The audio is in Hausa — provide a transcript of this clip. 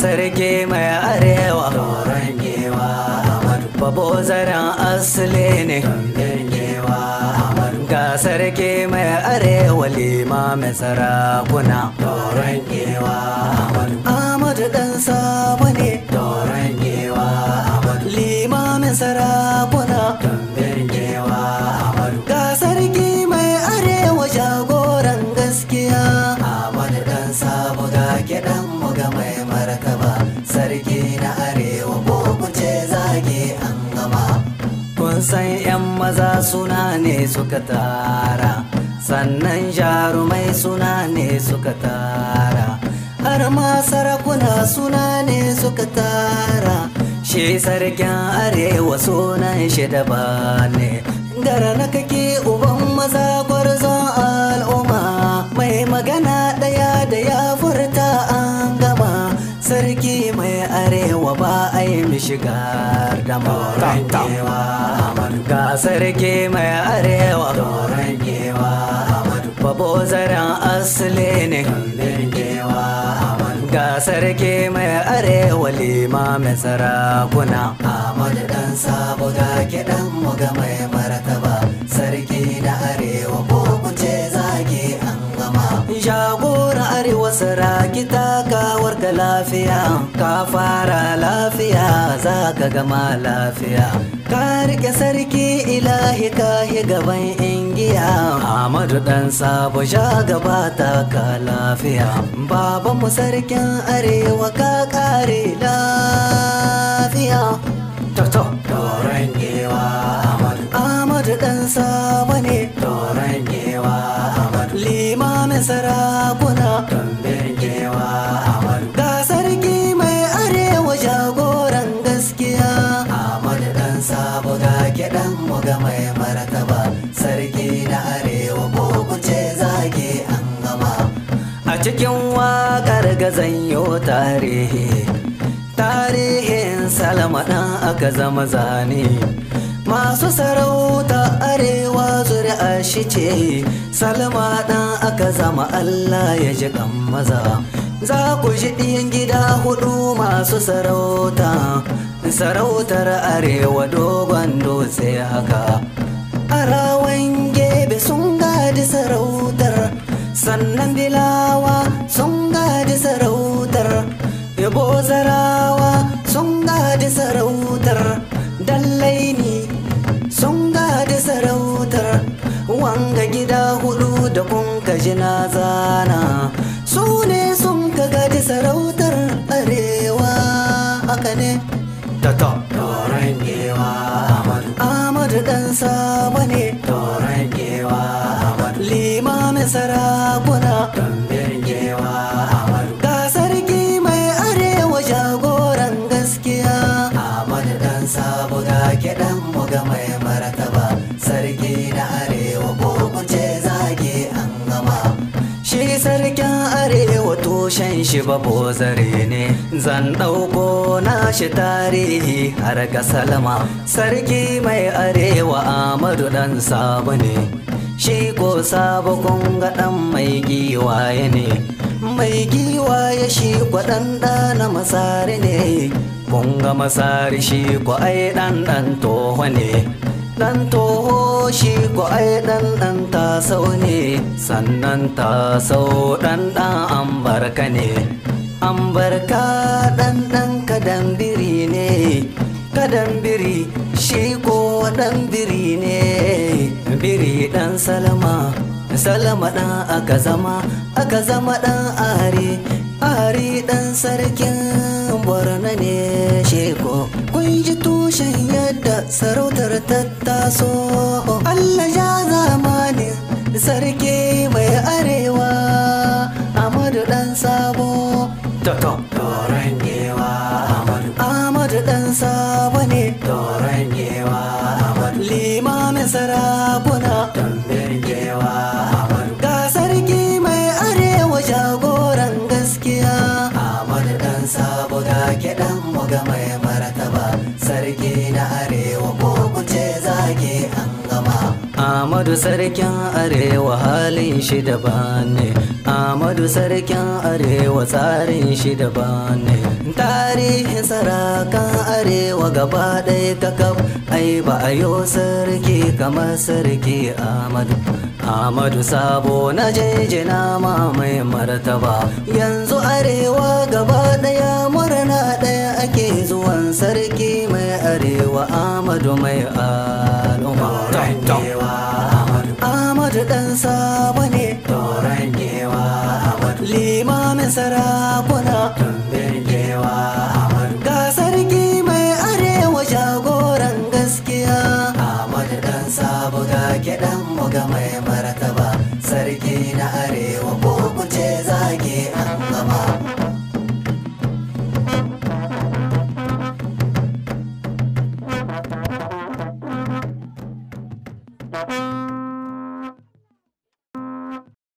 sarki mai arewa tsoron amadu babo zaren asali ne amadu ga sarki mai arewa limamin sarakuna tsoron amadu amadu dan sabo ne tsoron amadu limamin sarakuna kambin amadu ga sarki mai arewa jagoran gaskiya amadu dan sabo ga kiɗan mu ga mai san 'yan maza suna ne suka tara sannan jarumai suna ne suka tara har ma sarakuna suna ne suka tara shi sarkin arewa sunan shi daba ne gara na kake uban maza gwarzon al'umma mai magana daya da ya furta an gama sarki mai arewa ba a yi mishi gardama ga sarki mai arewa doron gewa babo zaren asali ne kandin gewa ga sarki mai arewa limamin sarakuna amadu dan sabo ga kiɗan mu ga mai martaba sarki na arewa ko ce zaki an gama jagora arewa saraki takawar ka lafiya ka fara lafiya za ka gama lafiya ka sarki ilahi kahi gaban ingiya Amadu dan sabo sha gaba ta ka lafiya baban mu sarkin arewa ka kare lafiya toto doron gewa Ahmadu Ahmadu dan sabo ne doron Amadu. limamin sarakuna tambe a cikin waƙar gazanyo tarihi tarihin salma ɗan aka zama zane masu sarauta arewa zuri'a shi ce salma ɗan aka zama allah ya ji ɗan maza za ku ji ɗiyan gida hudu masu sarauta sarautar arewa dogon dutse haka arawan gebe sun gadi sarautar sannan bilawa sun gaji sarautar yabo zarawa sun gaji sarautar dallai dallaini sun gaji sarautar wanga gida hudu da kun kaji na zana zakuna ga sarki mai arewa jagoran gaskiya amadu dan sabu ga kiɗan mu ga mai shi ba bozare ne zan ɗauko nashi tarihi har ga salama sarki mai arewa amadu ɗan sabu ne shi ko sabu kunga ɗan mai giwaye ne mai giwaye shi kwaɗan na masari ne kunga masari shi ko ai ɗan ɗan toho ne dan toho shi ko ai dan dan tasau ne sannan tasau dan dan ambarka ne ambarka dan dan kadambiri ne kadambiri shi ko dan biri ne biri dan salama salama dan aka zama aka zama dan ari ari dan sarkin borno ne ko. ji tushen yadda sarautar taso. Allah ja zamanin sarki mai arewa Amadu dan sabo Doron yewa Amadu dan sabo ne Doron yewa Limamin sarabuna Tambin yewa Ga sarki mai arewa jagoran gaskiya Amadu dan sabo ga kiɗan mu ga mai martaba sarki na arewa ko kuce zage an gama Amadu sarkin arewa halin shi daban ne Amadu sarkin arewa tsarin shi daban ne Tarihin sarakan arewa gaba ɗaya kakaf Ai ba a yo sarki kamar sarki Amadu Amadu Sabo na jejina ma mai martaba Yanzu arewa gaba ɗaya ake zuwan sarki mai arewa amadu mai al'umma amadu dan sabo ne limamin sarakuna